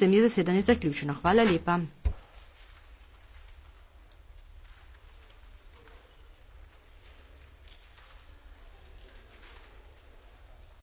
tem je zasedanje zaključeno. Hvala lepa.